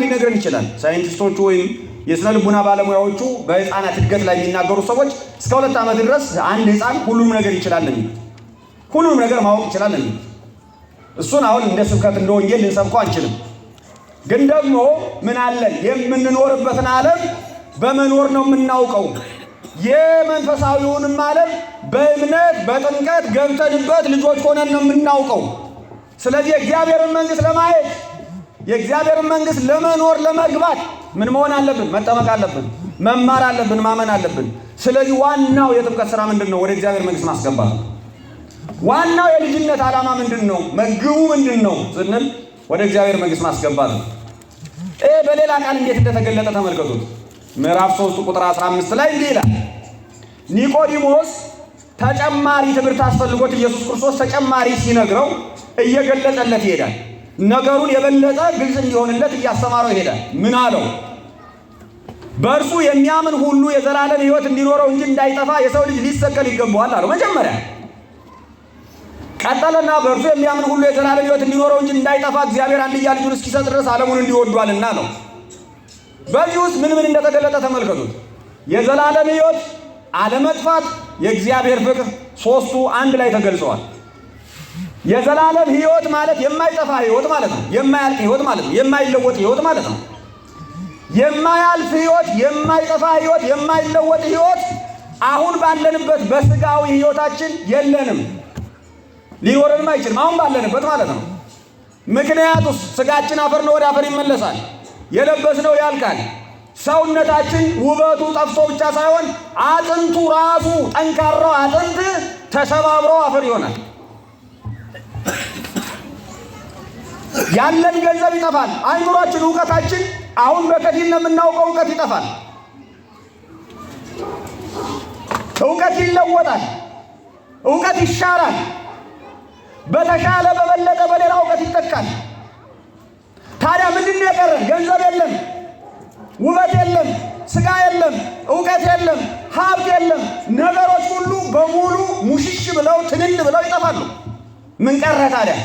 ሊነግረን ይችላል። ሳይንቲስቶቹ ወይም የስነ ልቡና ባለሙያዎቹ በህፃናት እድገት ላይ የሚናገሩ ሰዎች እስከ ሁለት ዓመት ድረስ አንድ ህፃን ሁሉም ነገር ይችላል ነው የሚሉት። ነገር ማወቅ ይችላል ነው የሚሉት። እሱን አሁን እንደ ስብከት እንደ ወንጌል ልንሰብከው አንችልም። ግን ደግሞ ምን አለን? የምንኖርበትን ዓለም በመኖር ነው የምናውቀው። የመንፈሳዊውንም ዓለም በእምነት በጥምቀት ገብተንበት ልጆች ሆነን ነው የምናውቀው። ስለዚህ እግዚአብሔርን መንግሥት ለማየት የእግዚአብሔር መንግስት ለመኖር ለመግባት ምን መሆን አለብን? መጠመቅ አለብን፣ መማር አለብን፣ ማመን አለብን። ስለዚህ ዋናው የጥምቀት ስራ ምንድን ነው? ወደ እግዚአብሔር መንግስት ማስገባት። ዋናው የልጅነት ዓላማ ምንድን ነው? መግቡ ምንድን ነው ስንል ወደ እግዚአብሔር መንግስት ማስገባት ነው። ይህ በሌላ ቃል እንዴት እንደተገለጠ ተመልከቱት። ምዕራፍ 3 ቁጥር 15 ላይ እንዲህ ይላል ኒቆዲሞስ ተጨማሪ ትምህርት አስፈልጎት ኢየሱስ ክርስቶስ ተጨማሪ ሲነግረው እየገለጠለት ይሄዳል። ነገሩን የበለጠ ግልጽ እንዲሆንለት እያስተማረው ሄደ ምን አለው? በእርሱ የሚያምን ሁሉ የዘላለም ሕይወት እንዲኖረው እንጂ እንዳይጠፋ የሰው ልጅ ሊሰቀል ይገባዋል አለው። መጀመሪያ ቀጠለና በእርሱ የሚያምን ሁሉ የዘላለም ሕይወት እንዲኖረው እንጂ እንዳይጠፋ እግዚአብሔር አንድያ ልጁን እስኪሰጥ ድረስ ዓለሙን እንዲወዷልና ነው። በዚህ ውስጥ ምን ምን እንደተገለጠ ተመልከቱት። የዘላለም ሕይወት፣ አለመጥፋት፣ የእግዚአብሔር ፍቅር ሶስቱ አንድ ላይ ተገልጸዋል። የዘላለም ህይወት ማለት የማይጠፋ ህይወት ማለት ነው። የማያልቅ ህይወት ማለት ነው። የማይለወጥ ህይወት ማለት ነው። የማያልፍ ህይወት የማይጠፋ ህይወት የማይለወጥ ህይወት አሁን ባለንበት በስጋዊ ህይወታችን የለንም፣ ሊኖረንም አይችልም። አሁን ባለንበት ማለት ነው። ምክንያቱስ ስጋችን አፈር ነው፣ ወደ አፈር ይመለሳል። የለበስነው ያልካል። ሰውነታችን ውበቱ ጠፍቶ ብቻ ሳይሆን አጥንቱ ራሱ ጠንካራው አጥንት ተሰባብሮ አፈር ይሆናል። ያለን ገንዘብ ይጠፋል። አይምሯችን፣ እውቀታችን አሁን በከፊል ነው የምናውቀው። እውቀት ይጠፋል፣ እውቀት ይለወጣል፣ እውቀት ይሻራል፣ በተሻለ በበለጠ በሌላ እውቀት ይጠቃል። ታዲያ ምንድን ነው የቀረን? ገንዘብ የለም፣ ውበት የለም፣ ስጋ የለም፣ እውቀት የለም፣ ሀብት የለም። ነገሮች ሁሉ በሙሉ ሙሽሽ ብለው ትንል ብለው ይጠፋሉ። ምን ቀረ ታዲያ?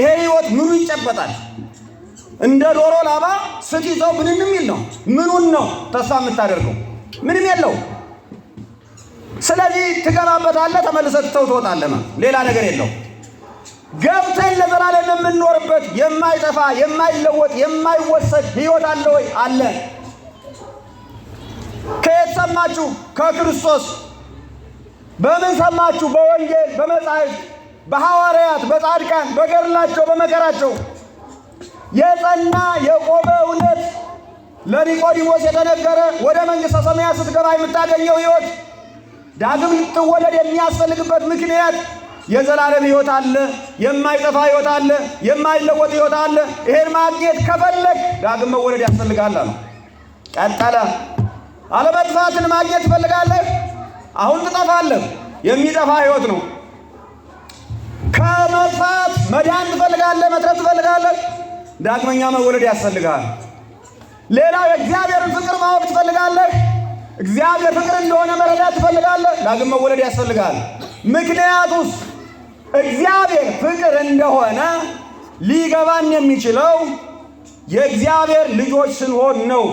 ይሄ ህይወት ምኑ ይጨበጣል? እንደ ዶሮ ላባ ስትይዘው ይዘው ምንም የሚል ነው። ምኑን ነው ተስፋ የምታደርገው? ምንም የለው። ስለዚህ ትገባበታለህ፣ ተመልሰህ ትተው ትወጣለህ። ሌላ ነገር የለው። ገብተን ለዘላለም የምንኖርበት የማይጠፋ የማይለወጥ የማይወሰድ ህይወት አለ ወይ? አለ። ከየት ሰማችሁ? ከክርስቶስ። በምን ሰማችሁ? በወንጌል በመጻሕፍት በሐዋርያት በጻድቃን በገድላቸው በመከራቸው የጸና የቆመ እውነት ለኒቆዲሞስ የተነገረ ወደ መንግሥተ ሰማያት ስትገባ የምታገኘው ሕይወት ዳግም ልትወለድ የሚያስፈልግበት ምክንያት የዘላለም ሕይወት አለ፣ የማይጠፋ ሕይወት አለ፣ የማይለወጥ ሕይወት አለ። ይሄን ማግኘት ከፈለግ ዳግም መወለድ ያስፈልጋል አሉ። ቀጠለ። አለመጥፋትን ማግኘት ትፈልጋለህ? አሁን ትጠፋለህ። የሚጠፋ ሕይወት ነው። መጥፋት መዳን ትፈልጋለህ፣ መትረፍ ትፈልጋለህ፣ ዳግመኛ መወለድ ያስፈልጋል። ሌላው የእግዚአብሔርን ፍቅር ማወቅ ትፈልጋለህ፣ እግዚአብሔር ፍቅር እንደሆነ መረዳት ትፈልጋለህ፣ ዳግም መወለድ ያስፈልጋል። ምክንያቱስ እግዚአብሔር ፍቅር እንደሆነ ሊገባን የሚችለው የእግዚአብሔር ልጆች ስንሆን ነው።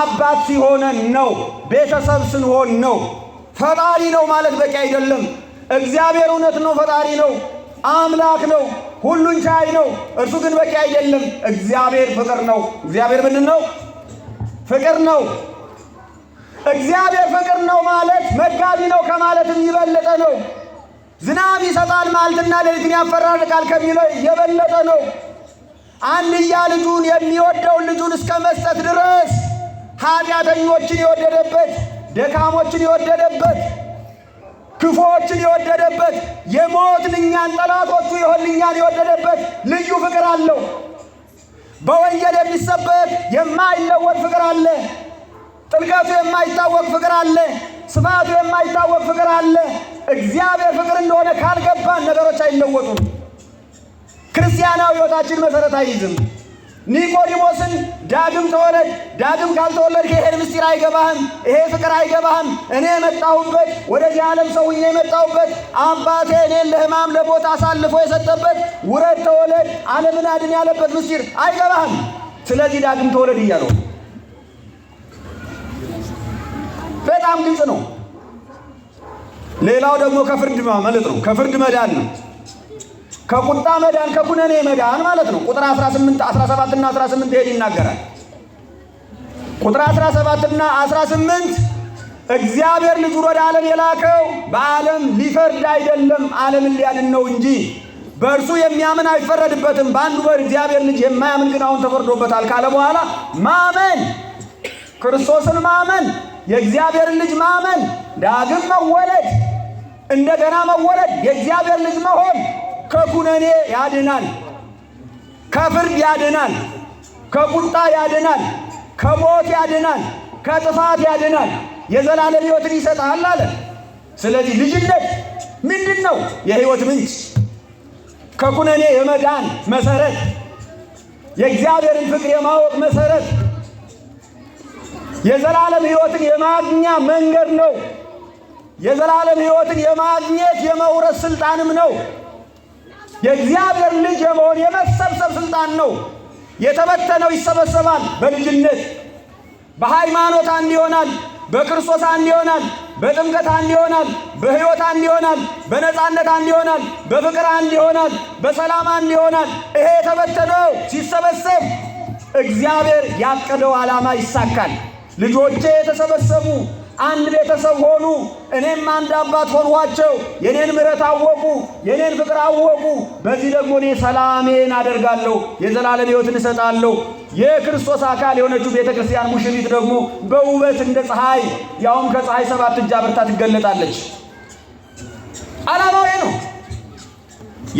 አባት ሲሆነን ነው። ቤተሰብ ስንሆን ነው። ፈጣሪ ነው ማለት በቂ አይደለም። እግዚአብሔር እውነት ነው፣ ፈጣሪ ነው። አምላክ ነው፣ ሁሉን ቻይ ነው። እርሱ ግን በቂ አይደለም። እግዚአብሔር ፍቅር ነው። እግዚአብሔር ምንድን ነው? ፍቅር ነው። እግዚአብሔር ፍቅር ነው ማለት መጋቢ ነው ከማለትም የበለጠ ነው። ዝናብ ይሰጣል መዓልትና ሌሊትን ያፈራርቃል ከሚለው የበለጠ ነው። አንድያ ልጁን የሚወደውን ልጁን እስከ መስጠት ድረስ ኃጢአተኞችን የወደደበት፣ ደካሞችን የወደደበት ክፉዎችን የወደደበት የሞት ልኛን ጠላቶቹ የሆልኛን የወደደበት ልዩ ፍቅር አለው። በወንጌል የሚሰበክ የማይለወጥ ፍቅር አለ። ጥልቀቱ የማይታወቅ ፍቅር አለ። ስፋቱ የማይታወቅ ፍቅር አለ። እግዚአብሔር ፍቅር እንደሆነ ካልገባን ነገሮች አይለወጡም። ክርስቲያናዊ ሕይወታችን መሠረት አይይዝም። ኒቆዲሞስን ዳግም ተወለድ፣ ዳግም ካልተወለድክ ይሄን ምስጢር አይገባህም፣ ይሄ ፍቅር አይገባህም። እኔ የመጣሁበት ወደዚህ ዓለም ሰውዬ የመጣሁበት አባቴ እኔን ለሕማም ለሞት አሳልፎ የሰጠበት ውረድ፣ ተወለድ፣ ዓለምን አድን ያለበት ምስጢር አይገባህም። ስለዚህ ዳግም ተወለድ እያለው በጣም ግልጽ ነው። ሌላው ደግሞ ከፍርድ ማለት ነው፣ ከፍርድ መዳን ነው። ከቁጣ መዳን ከኩነኔ መዳን ማለት ነው። ቁጥር 18 17 እና 18 ሄድ ይናገራል። ቁጥር 17 እና 18 እግዚአብሔር ልጁን ወደ ዓለም የላከው በዓለም ሊፈርድ አይደለም ዓለምን ሊያድን ነው እንጂ በእርሱ የሚያምን አይፈረድበትም። በአንዱ በእግዚአብሔር ልጅ የማያምን ግን አሁን ተፈርዶበታል ካለ በኋላ ማመን ክርስቶስን ማመን የእግዚአብሔር ልጅ ማመን ዳግም መወለድ እንደገና መወለድ የእግዚአብሔር ልጅ መሆን ከኩነኔ ያድናል፣ ከፍርድ ያድናል፣ ከቁጣ ያድናል፣ ከሞት ያድናል፣ ከጥፋት ያድናል፣ የዘላለም ሕይወትን ይሰጣል አለ። ስለዚህ ልጅነት ምንድን ነው? የሕይወት ምንጭ፣ ከኩነኔ የመዳን መሰረት፣ የእግዚአብሔርን ፍቅር የማወቅ መሰረት፣ የዘላለም ሕይወትን የማግኛ መንገድ ነው። የዘላለም ሕይወትን የማግኘት የመውረስ ስልጣንም ነው። የእግዚአብሔር ልጅ የመሆን የመሰብሰብ ስልጣን ነው። የተበተነው ይሰበሰባል። በልጅነት በሃይማኖት አንድ ይሆናል። በክርስቶስ አንድ ይሆናል። በጥምቀት አንድ ይሆናል። በሕይወት አንድ ይሆናል። በነፃነት አንድ ይሆናል። በፍቅር አንድ ይሆናል። በሰላም አንድ ይሆናል። ይሄ የተበተነው ሲሰበሰብ እግዚአብሔር ያቀደው ዓላማ ይሳካል። ልጆቼ የተሰበሰቡ አንድ ቤተሰብ ሆኑ። እኔም አንድ አባት ሆንኋቸው። የኔን ምሕረት አወቁ፣ የኔን ፍቅር አወቁ። በዚህ ደግሞ እኔ ሰላሜን አደርጋለሁ፣ የዘላለም ሕይወትን እሰጣለሁ። የክርስቶስ አካል የሆነችው ቤተ ክርስቲያን ሙሽሪት ደግሞ በውበት እንደ ፀሐይ ያውም ከፀሐይ ሰባት እጅ አብርታ ትገለጣለች። አላማዊ ነው።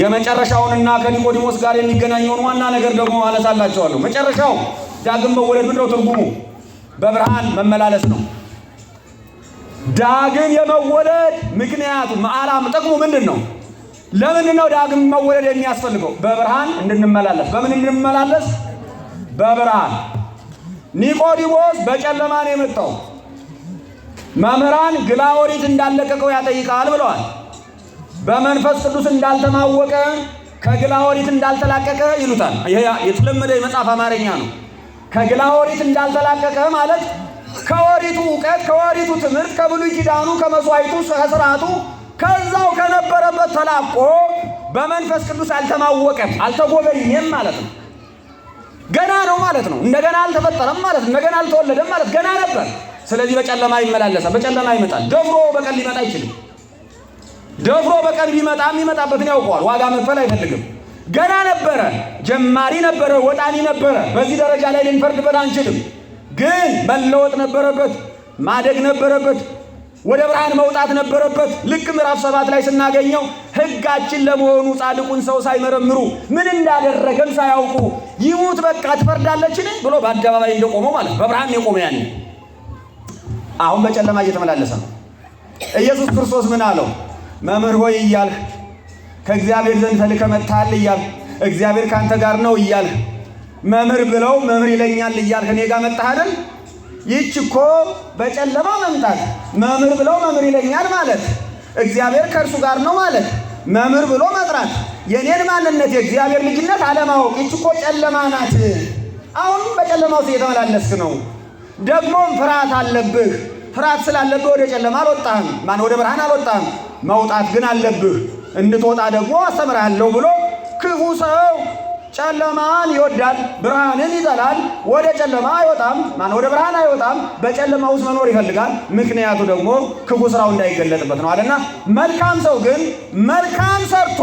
የመጨረሻውንና ከኒቆዲሞስ ጋር የሚገናኘውን ዋና ነገር ደግሞ አላቸዋለሁ። መጨረሻው ዳግም መወለድ ምንድነው? ትርጉሙ በብርሃን መመላለስ ነው። ዳግም የመወለድ ምክንያቱ መዓላም ጥቅሙ ምንድን ነው? ለምንድን ነው ዳግም መወለድ የሚያስፈልገው? በብርሃን እንድንመላለስ። በምን እንድንመላለስ? በብርሃን። ኒቆዲሞስ በጨለማ ነው የመጣው። መምህራን ግላወሪት እንዳለቀቀው ያጠይቃል ብለዋል። በመንፈስ ቅዱስ እንዳልተማወቀ ከግላወሪት እንዳልተላቀቀ ይሉታል። ይሄ የተለመደ የመጽሐፍ አማርኛ ነው። ከግላወሪት እንዳልተላቀቀ ማለት ከወሪቱ እውቀት ከወሪቱ ትምህርት ከብሉይ ኪዳኑ ከመስዋዕቱ፣ ከሥርዓቱ ከዛው ከነበረበት ተላቆ በመንፈስ ቅዱስ አልተማወቀም፣ አልተጎበኘም ማለት ነው። ገና ነው ማለት ነው። እንደገና አልተፈጠረም ማለት ነው። እንደገና አልተወለደም ማለት ገና ነበር። ስለዚህ በጨለማ ይመላለሳል፣ በጨለማ ይመጣል። ደፍሮ በቀን ሊመጣ አይችልም። ደፍሮ በቀን ቢመጣ የሚመጣበትን ያውቀዋል። ዋጋ መክፈል አይፈልግም። ገና ነበረ፣ ጀማሪ ነበረ፣ ወጣኒ ነበረ። በዚህ ደረጃ ላይ ልንፈርድበት አንችልም። ግን መለወጥ ነበረበት፣ ማደግ ነበረበት፣ ወደ ብርሃን መውጣት ነበረበት። ልክ ምዕራፍ ሰባት ላይ ስናገኘው ሕጋችን ለመሆኑ ጻድቁን ሰው ሳይመረምሩ ምን እንዳደረገም ሳያውቁ ይሙት በቃ ትፈርዳለችን ብሎ በአደባባይ እንደቆመው ማለት በብርሃን የቆመ ያን አሁን በጨለማ እየተመላለሰ ነው። ኢየሱስ ክርስቶስ ምን አለው? መምህር ሆይ እያልህ ከእግዚአብሔር ዘንድ ተልከህ መጥተሃል እያልህ እግዚአብሔር ከአንተ ጋር ነው እያልህ መምህር ብለው መምህር ይለኛል እያልህ እኔ ጋር መጣህ አይደል? ይህች እኮ በጨለማ መምጣት መምህር ብለው መምህር ይለኛል ማለት እግዚአብሔር ከእርሱ ጋር ነው ማለት መምህር ብሎ መጥራት የእኔን ማንነት የእግዚአብሔር ልጅነት አለማወቅ፣ ይህች እኮ ጨለማ ናት። አሁን በጨለማ ውስጥ እየተመላለስክ ነው። ደግሞም ፍርሃት አለብህ። ፍርሃት ስላለብህ ወደ ጨለማ አልወጣህም፣ ማን ወደ ብርሃን አልወጣህም። መውጣት ግን አለብህ። እንድትወጣ ደግሞ አስተምርሃለሁ ብሎ ክፉ ሰው ጨለማን ይወዳል፣ ብርሃንን ይጠላል፣ ወደ ጨለማ አይወጣም። ማን ወደ ብርሃን አይወጣም፣ በጨለማ ውስጥ መኖር ይፈልጋል። ምክንያቱ ደግሞ ክፉ ስራው እንዳይገለጥበት ነው አለና መልካም ሰው ግን መልካም ሰርቶ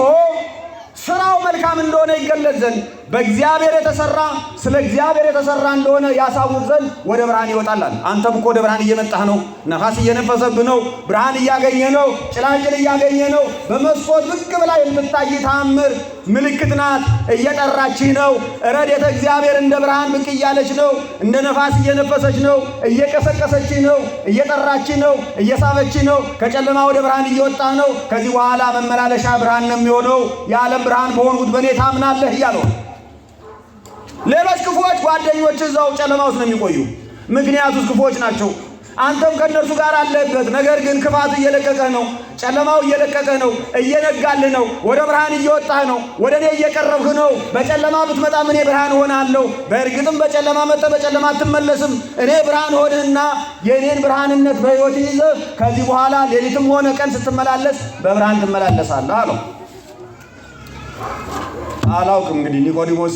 ስራው መልካም እንደሆነ ይገለጽ ዘንድ በእግዚአብሔር የተሰራ ስለ እግዚአብሔር የተሰራ እንደሆነ ያሳውቅ ዘንድ ወደ ብርሃን ይወጣላል። አንተም እኮ ወደ ብርሃን እየመጣህ ነው። ነፋስ እየነፈሰብ ነው። ብርሃን እያገኘ ነው። ጭላጭል እያገኘ ነው። በመስኮት ብቅ ብላ የምታይ ታምር ምልክት ናት። እየጠራችህ ነው። ረድኤተ እግዚአብሔር እንደ ብርሃን ብቅ እያለች ነው። እንደ ነፋስ እየነፈሰች ነው። እየቀሰቀሰችህ ነው። እየጠራችህ ነው። እየሳበችህ ነው። ከጨለማ ወደ ብርሃን እየወጣ ነው። ከዚህ በኋላ መመላለሻ ብርሃን ነው የሚሆነው። የዓለም ብርሃን በሆንሁት በእኔ ታምናለህ እያለው ሌሎች ክፉዎች ጓደኞች እዛው ጨለማ ውስጥ ነው የሚቆዩ። ምክንያቱ ክፉዎች ናቸው። አንተም ከእነርሱ ጋር አለበት ነገር ግን ክፋት እየለቀቀ ነው፣ ጨለማው እየለቀቀ ነው፣ እየነጋልህ ነው፣ ወደ ብርሃን እየወጣህ ነው፣ ወደ እኔ እየቀረብህ ነው። በጨለማ ብትመጣም እኔ ብርሃን እሆናለሁ። በእርግጥም በጨለማ መጠ በጨለማ አትመለስም። እኔ ብርሃን ሆንህና የእኔን ብርሃንነት በሕይወት ይዘህ ከዚህ በኋላ ሌሊትም ሆነ ቀን ስትመላለስ በብርሃን ትመላለሳለህ አለው። አላውቅም እንግዲህ ኒቆዲሞስ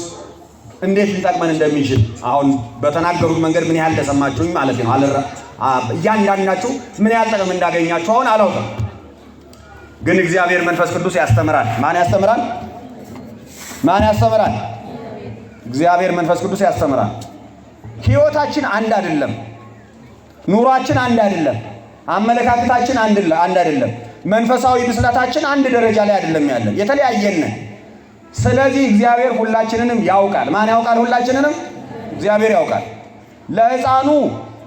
እንዴት ሊጠቅመን እንደሚችል አሁን በተናገሩት መንገድ ምን ያህል ተሰማችሁኝ ማለት ነው። እያንዳንዳችሁ ምን ያህል ጥቅም እንዳገኛችሁ አሁን አላውቅም፣ ግን እግዚአብሔር መንፈስ ቅዱስ ያስተምራል። ማን ያስተምራል? ማን ያስተምራል? እግዚአብሔር መንፈስ ቅዱስ ያስተምራል። ህይወታችን አንድ አይደለም። ኑሯችን አንድ አይደለም። አመለካከታችን አንድ አይደለም። መንፈሳዊ ብስለታችን አንድ ደረጃ ላይ አይደለም ያለን፣ የተለያየን ስለዚህ እግዚአብሔር ሁላችንንም ያውቃል። ማን ያውቃል? ሁላችንንም እግዚአብሔር ያውቃል። ለህፃኑ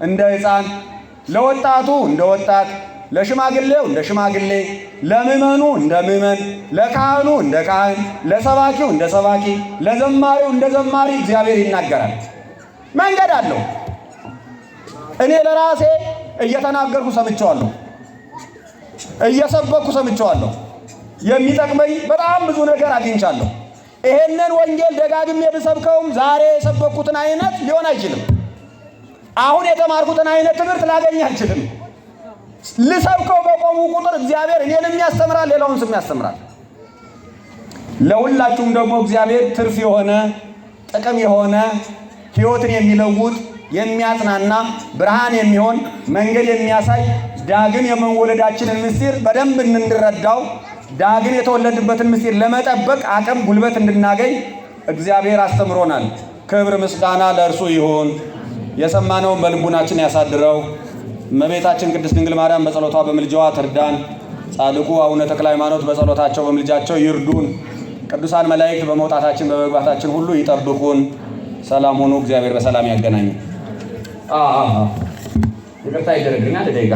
እንደ ሕፃን፣ ለወጣቱ እንደ ወጣት፣ ለሽማግሌው እንደ ሽማግሌ፣ ለምዕመኑ እንደ ምዕመን፣ ለካህኑ እንደ ካህን፣ ለሰባኪው እንደ ሰባኪ፣ ለዘማሪው እንደ ዘማሪ እግዚአብሔር ይናገራል። መንገድ አለው። እኔ ለራሴ እየተናገርኩ ሰምቼዋለሁ፣ እየሰበኩ ሰምቼዋለሁ። የሚጠቅመኝ በጣም ብዙ ነገር አግኝቻለሁ። ይሄንን ወንጌል ደጋግሜ ብሰብከውም ዛሬ የሰበኩትን አይነት ሊሆን አይችልም። አሁን የተማርኩትን አይነት ትምህርት ላገኝ አልችልም። ልሰብከው በቆሙ ቁጥር እግዚአብሔር እኔንም ያስተምራል፣ ሌላውን ስም ያስተምራል። ለሁላችሁም ደግሞ እግዚአብሔር ትርፍ የሆነ ጥቅም የሆነ ሕይወትን የሚለውጥ የሚያጽናና ብርሃን የሚሆን መንገድ የሚያሳይ ዳግም የመወለዳችንን ምስጢር በደንብ እንድንረዳው ዳግም የተወለድበትን ምስጢር ለመጠበቅ አቅም ጉልበት እንድናገኝ እግዚአብሔር አስተምሮናል። ክብር ምስጋና ለእርሱ ይሁን። የሰማነውን በልቡናችን ያሳድረው። እመቤታችን ቅድስት ድንግል ማርያም በጸሎቷ በምልጃዋ ትርዳን። ጻድቁ አቡነ ተክለ ሃይማኖት በጸሎታቸው በምልጃቸው ይርዱን። ቅዱሳን መላእክት በመውጣታችን በመግባታችን ሁሉ ይጠብቁን። ሰላም ሆኑ። እግዚአብሔር በሰላም ያገናኙ። ይቅርታ ይደረግልኛል። ደቂቃ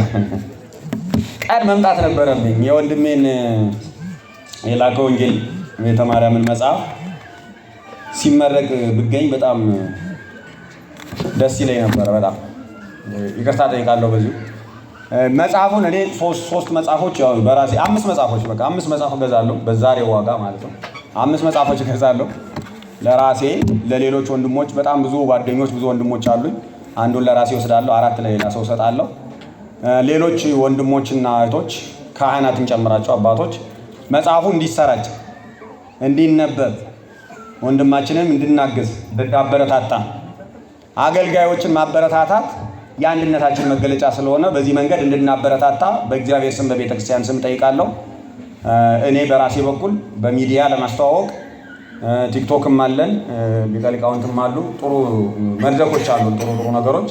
ቀድ መምጣት ነበረብኝ። የወንድሜን የላከ ወንጌል ቤተ ማርያምን መጽሐፍ ሲመረቅ ብገኝ በጣም ደስ ይለኝ ነበረ በጣም። ይቅርታ ጠይቃለሁ በዚሁ መጽሐፉን እኔ ሶስት መጽሐፎች በራሴ አምስት መጽሐፎች በቃ አምስት መጽሐፍ እገዛለሁ በዛሬ ዋጋ ማለት ነው። አምስት መጽሐፎች እገዛለሁ ለራሴ ለሌሎች ወንድሞች በጣም ብዙ ጓደኞች ብዙ ወንድሞች አሉኝ። አንዱን ለራሴ ወስዳለሁ፣ አራት ለሌላ ሰው እሰጣለሁ። ሌሎች ወንድሞችና እህቶች ካህናትን ጨምራቸው አባቶች መጽሐፉ እንዲሰራጭ እንዲነበብ ወንድማችንም እንድናግዝ እንድናበረታታ አገልጋዮችን ማበረታታት የአንድነታችን መገለጫ ስለሆነ በዚህ መንገድ እንድናበረታታ በእግዚአብሔር ስም በቤተ ክርስቲያን ስም ጠይቃለሁ። እኔ በራሴ በኩል በሚዲያ ለማስተዋወቅ ቲክቶክም አለን፣ ሊቀ ሊቃውንትም አሉ። ጥሩ መድረኮች አሉ፣ ጥሩ ጥሩ ነገሮች።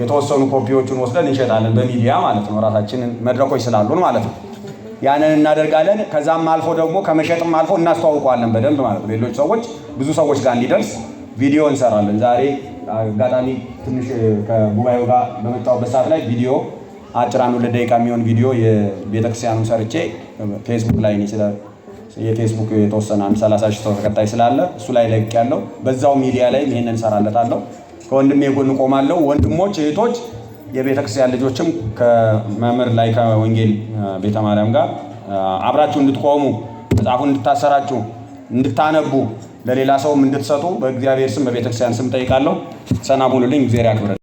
የተወሰኑ ኮፒዎቹን ወስደን እንሸጣለን በሚዲያ ማለት ነው። ራሳችንን መድረኮች ስላሉን ማለት ነው። ያንን እናደርጋለን። ከዛም አልፎ ደግሞ ከመሸጥም አልፎ እናስተዋውቀዋለን በደንብ ማለት ነው። ሌሎች ሰዎች ብዙ ሰዎች ጋር እንዲደርስ ቪዲዮ እንሰራለን ዛሬ አጋጣሚ ትንሽ ከጉባኤው ጋር በመጣሁበት ሰዓት ላይ ቪዲዮ አጭር አንድ ሁለት ደቂቃ የሚሆን ቪዲዮ የቤተክርስቲያኑን ሰርቼ ፌስቡክ ላይ የፌስቡክ የተወሰነ አንድ ሰላሳ ሺህ ሰው ተከታይ ስላለ እሱ ላይ ለቅ ያለው በዛው ሚዲያ ላይ ይህንን እሰራለታለሁ። ከወንድሜ ጎን ቆማለሁ። ወንድሞች እህቶች፣ የቤተክርስቲያን ልጆችም ከመምህር ላይ ከወንጌል ቤተማርያም ጋር አብራችሁ እንድትቆሙ መጽሐፉን እንድታሰራችሁ እንድታነቡ ለሌላ ሰውም እንድትሰጡ በእግዚአብሔር ስም በቤተክርስቲያን ስም ጠይቃለሁ። ሰና ሁኑልኝ። እግዚአብሔር ያክብረን።